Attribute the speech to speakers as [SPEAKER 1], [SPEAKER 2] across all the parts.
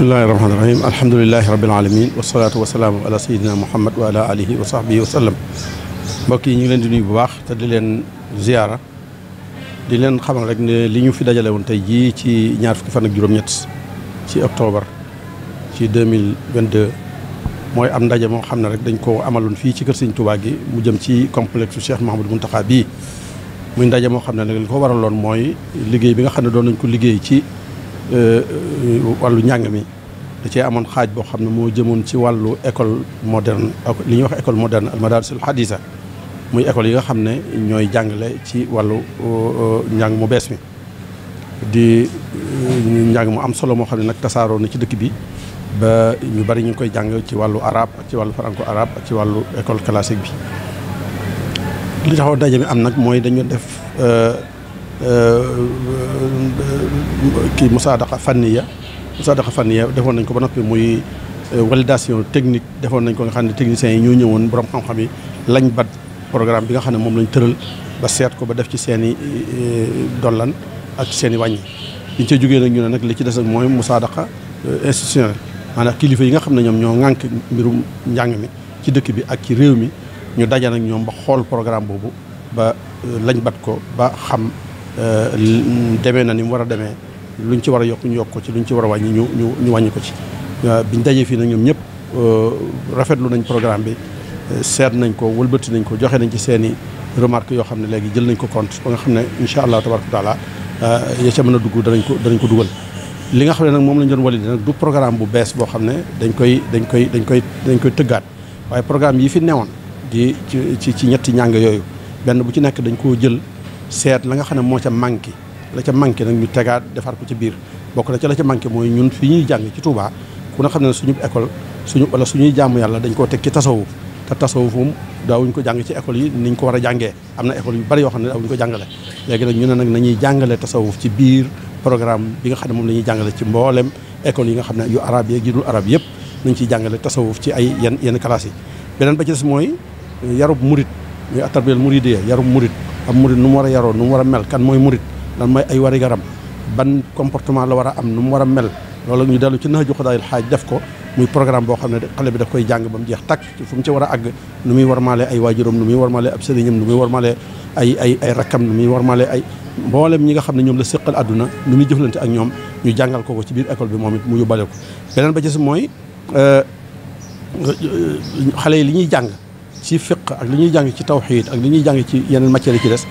[SPEAKER 1] bismillaahi rahmaani rahiim alhamdulilaahi rabbil aalamiin wasalaatu wasalaamu ala sayyidina muhammad wa ala alihi wa sahbihi wa sallam mbokk yi ñu ngi leen di nuyu bu baax te di leen ziyaara di leen xamal rek ne li ñu fi dajale woon tey jii ci ñaar fukki fan ak juróom-ñett ci octobre ci 2022 mooy am ndaje moo xam ne rek dañ ko amaloon fii ci kër Sëñ Tuubaa gi mu jëm ci complexe Cheikh Mouhamadou Mountakha bii muy ndaje moo xam ne nag li ko waraloon mooy liggéey bi nga xam ne doon nañ ko liggéey ci Euh, euh, wàllu njàng mi da cee amoon xaaj boo xam ne moo jëmoon ci wàllu école moderne ak li ñuy wax école moderne al madarisul hadisa muy école yi nga xam ne ñooy jàngale ci wàllu euh, njàng mu bees mi di njàng mu am solo moo xam ne nag tasaaroo na ci dëkk bi ba ñu bari ñu ngi koy jàng ci wàllu araab ci wàllu franco araab ci wàllu école classique bi li taxaw daje mi am nag mooy dañu def Euh, euh, euh, kii musaadaqa fanniya musaadaqa fanniya defoon nañ ko ba noppi muy validation technique defoon nañ ko nga xam ne technicien yi ñoo ñëwoon borom xam-xam yi lañ bat programme bi nga xam ne moom lañ tëral ba seet ko ba def ci seen i dollan ak seeni i wàññi liñ ca jógee nag ñu ne nag li ci des ak mooy musaadaqa institutionnel maanaam kilifa yi nga xam ne ñoom ñoo ŋànk mbirum njàng mi ci dëkk bi ak ci réew mi ñu daje nag ñoom ba xool programme boobu ba lañ bat ko ba xam Euh, demee na ni mu war a demee luñ ci war a yokk ñu yokk ko ci luñ ci war a wàññi ñu ñu ñu wàññi ko ci. Euh, biñ dajee fii nag ñoom ñëpp euh, rafetlu nañ programme bi seet nañ ko wëlbati nañ ko joxe nañ ci seen i remarque yoo xam ne léegi jël nañ ko compte ba nga xam ne incha allah wa taala ya ca mën a dugg danañ ko danañ ko dugal. li nga xam ne nag moom lañ doon walide nag du programme bu bees boo xam ne dañ koy dañ koy dañ koy dañ koy tëggaat waaye programme yi fi newoon di ci ci ñetti ñàng yooyu benn bu ci nekk dañ koo jël. seet la nga xam ne moo ca manqué la ca manqué nag ñu tegaat defar ko ci biir bokk na ca la ca manqué mooy ñun fi ñuy jàng ci Touba ku na xam ne suñu école suñu wala suñuy jàmm yàlla dañ koo teg ci tasawuf te tasawuf moom daawuñ ko jàng ci école yi niñ ko war a jàngee am na école yu bari yoo xam ne daawuñ ko jàngale léegi nag ñu ne nag nañuy jàngale tasawuf ci biir programme bi nga xam ne moom la ñuy jàngale ci mbooleem école yi nga xam ne yu arab yi arab yëpp nañ ciy jàngale tasawuf ci ay yenn yenn classes yi beneen ba ci des mooy yarub murit muy atarbiyal muridiyya yarub murit am murit nu mu war a yaroo nu mu war a mel kan mooy murit lan mooy ay wari garam ban comportement la war a am nu mu war a mel loolu ñu dellu ci naaju xudaayil xaaj def ko muy programme boo xam ne xale bi daf koy jàng ba mu jeex takk fu mu ci war a àgg nu muy warmaalee ay waajuram nu muy warmaalee ab sëriñam nu muy warmaalee ay ay ay rakkam nu muy maale ay mboolem ñi nga xam ne ñoom la séqal adduna nu muy jëflante ak ñoom ñu jàngal ko ko ci biir école bi moom it mu yóbbaale ko beneen ba ci mooy euh, xale yi li ñuy jàng ci fiq ak li ñuy jàng ci tawxiid ak li ñuy jàng ci yeneen matières yi ci des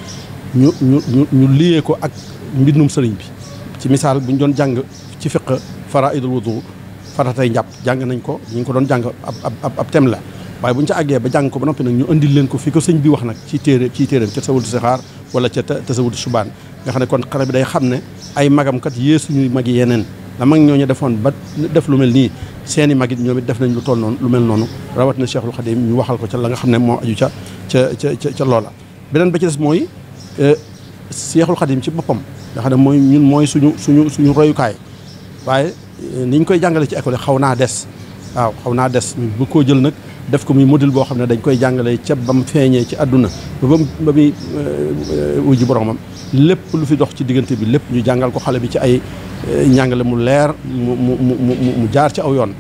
[SPEAKER 1] ñu ñu ñu ñu liyee ko ak mbindum sëriñ bi ci misaal bu ñu doon jàng ci fiq faraidul wudu faratay njàpp jàng nañ ko ñu ko doon jàng ab ab ab la waaye bu ñu ca àggee ba jàng ko ba noppi nag ñu andil leen ko fi ko sëñ bi wax nag ci téere ci téeréem ca tasawudu sixaar wala ca tasawudu subaan nga xam ne kon xale bi day xam ne ay magamkat yéesuñu magi yeneen la mag ñooñu defoon ba def lu mel nii seeni mag it ñoom it def nañ lu toll noonu lu mel noonu rawat na Cheikhul Khadim ñu waxal ko ca la nga xam ne moo aju ca ca ca ca loola beneen ba ci des mooy e, Cheikhul Khadim ci boppam nga xam ne mooy ñun mooy suñu suñu suñu royukaay waaye e, niñ koy jàngale ci école xaw naa des waaw xaw naa des bu koo jël nag def ko muy modèle boo xam ne dañ koy jàngale ca ba mu feeñee ci àdduna ba ba ba muy e, wujji boromam lépp lu fi dox ci diggante bi lépp ñu jàngal ko xale bi ci ay Euh, njàngale mu leer mu mu mu mu jaar ci aw yoon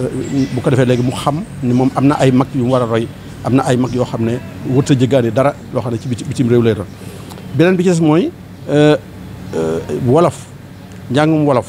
[SPEAKER 1] euh, bu ko defee léegi mu xam ni moom am na ay mag yu mu war a roy am na ay mag yoo xam ne wut a jëggaani dara loo xam ne ci bitim réew lay doon beneen bi ci des mooy euh, wolof njàngum wolof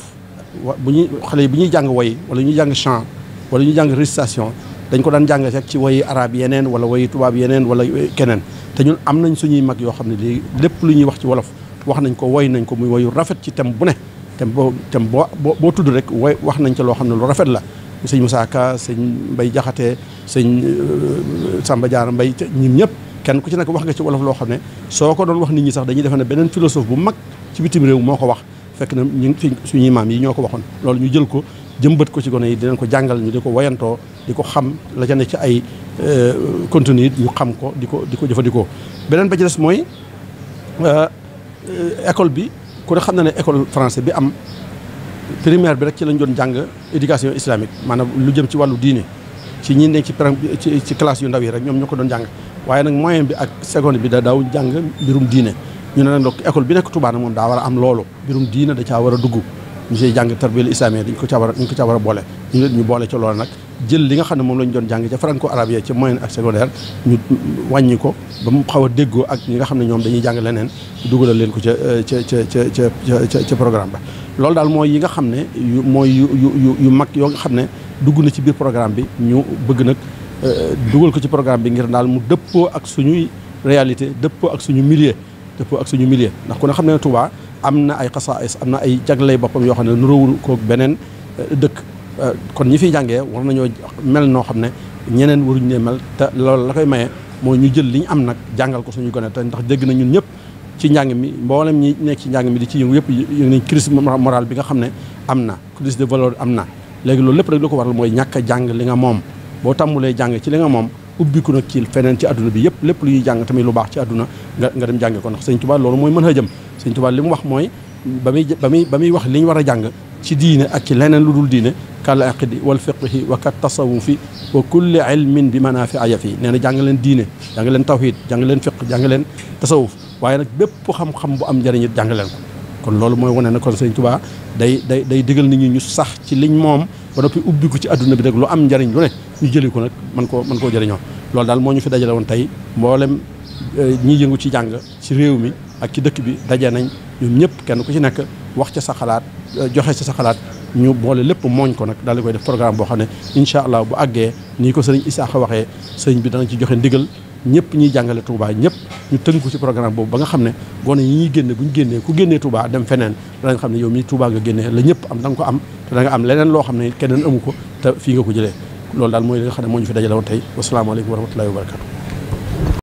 [SPEAKER 1] bu ñuy xale yi ñuy jàng woy wala ñuy jàng chant wala ñuy jàng récitation dañ ko daan jàng rek ci woyi arab yeneen wala woyi tubaab yeneen wala keneen te ñun am nañ suñuy mag yoo xam ne léegi lépp lu ñuy wax ci wolof wax nañ ko woy nañ ko muy woyu rafet ci thème bu ne tem boo tem boo boo tudd rek way wax nañ ca loo xam ne lu rafet la sëñ Moussa Ka sëñ Mbay Jaxate sëñ euh, Samba Diarra Mbay ñun ñëpp kenn ku ci nekk wax nga ci wolof loo xam ne soo ko doon wax nit ñi sax dañuy defe ne beneen philosophe bu mag ci bitim réew moo ko wax fekk na ñu suñuy maam yi ñoo ko waxoon loolu ñu jël ko jëmbat ko ci gone yi dinañ ko jàngal ñu di ko woyantoo di ko xam la ca ne ci ay euh, contenu ñu xam ko di ko di ko jëfandikoo beneen ba ci mooy euh, école bi ku xam na ne école français bi am primaire bi rek ci lañ doon jàng éducation islamique maanaam lu jëm ci wàllu diine ci ñi nekk ci ci classe yu ndaw yi rek ñoom ñoo ko doon jàng waaye nag moyen bi ak seconde bi da daaw jàng mbirum diine ñu ne nag donc école bi nekk Touba nag moom daa war a am loolu mbirum diine da caa war a dugg ñu see jàng tarbiyal islamiyya dañ ko caa war a dañ ko caa war a boole ñu ñu boole ci loolu nag jël li nga xam ne moom lañ doon jàng ca franco arabe ya ci moyen ak secondaire ñu wàññi ko ba mu xaw a déggoo ak ñi nga xam ne ñoom dañuy jàng leneen dugalal leen ko ca euh, ca ca ca ca ca programme ba. loolu daal mooy yi nga xam ne yu mooy yu yu yu mag yoo xam ne dugg na ci biir programme bi ñu bëgg nag euh, dugal ko ci programme bi ngir daal mu dëppoo ak suñuy réalité dëppoo ak suñu millier dëppoo ak suñu millier ndax ku ne xam ne Touba am na ay xasaayis am na ay jaglay boppam yoo xam ne nuróowul kook beneen euh, dëkk. Euh, kon ñi fiy jàngee war nañoo mel noo xam ne ñeneen waruñu ne mel te loolu la koy maye mooy ñu jël li ñu am nag jàngal ko suñu gone te ndax dégg na ñun ñëpp ci njàng mi mboolem ñi nekk ci njàng mi di ci yëngu yëpp yëngu nañ crise morale bi nga xam ne am na crise de valeur am na léegi loolu lépp rek li ko waral mooy ñàkk jàng li nga moom boo tàmmulee jàng ci li nga moom ubbiku nag ci feneen ci àdduna bi yëpp lépp lu ñuy jàng tamit lu baax ci àdduna nga nga dem ko ndax sëñ Tuubaa loolu mooy mën a jëm sëñ Tuubaa li mu wax mooy ba muy ba muy ba muy wax li ñu war a jàng ci diine ak ci leneen lu dul diine kal aqidi wal fiqhi wa kat tasawufi wa kulli ilmin bi manafia ya fi nee na jàng leen diine jàng leen tawhid jàng leen fiq jàng leen tasawuf waaye nag bépp xam-xam bu am njëriñ it jàng leen ko kon loolu mooy wane ne kon sëñ Tuubaa day day day digal nit ñu sax ci liñ moom ba noppi ubbi ko ci àdduna bi rek lu am njariñ lu ne ñu jëli ko nag man koo mën koo jëriñoo loolu daal moo ñu fi dajale woon tey mboolem eh, ñi yëngu ci jàng ci réew mi ak ci dëkk bi daje nañ ñoom ñëpp kenn ku ci nekk wax ca sa xalaat euh, joxe ci sa xalaat ñu boole lépp mooñ ko nag daal di koy def programme boo xam ne incha allah bu àggee nii ko sëriñ Isaaxa waxee sëñ bi danañ ci joxe ndigal ñëpp ñuy jàngale Touba ñëpp ñu tënku ci programme boobu ba nga xam ne gone yi ñuy génne bu ñu génnee ku génnee Touba dem feneen danañ xam ne yow mii Touba nga génnee la ñëpp am da ko am te da am leneen loo xam ne keneen amu ko te fii nga ko jëlee loolu daal mooy li nga xam ne moo ñu fi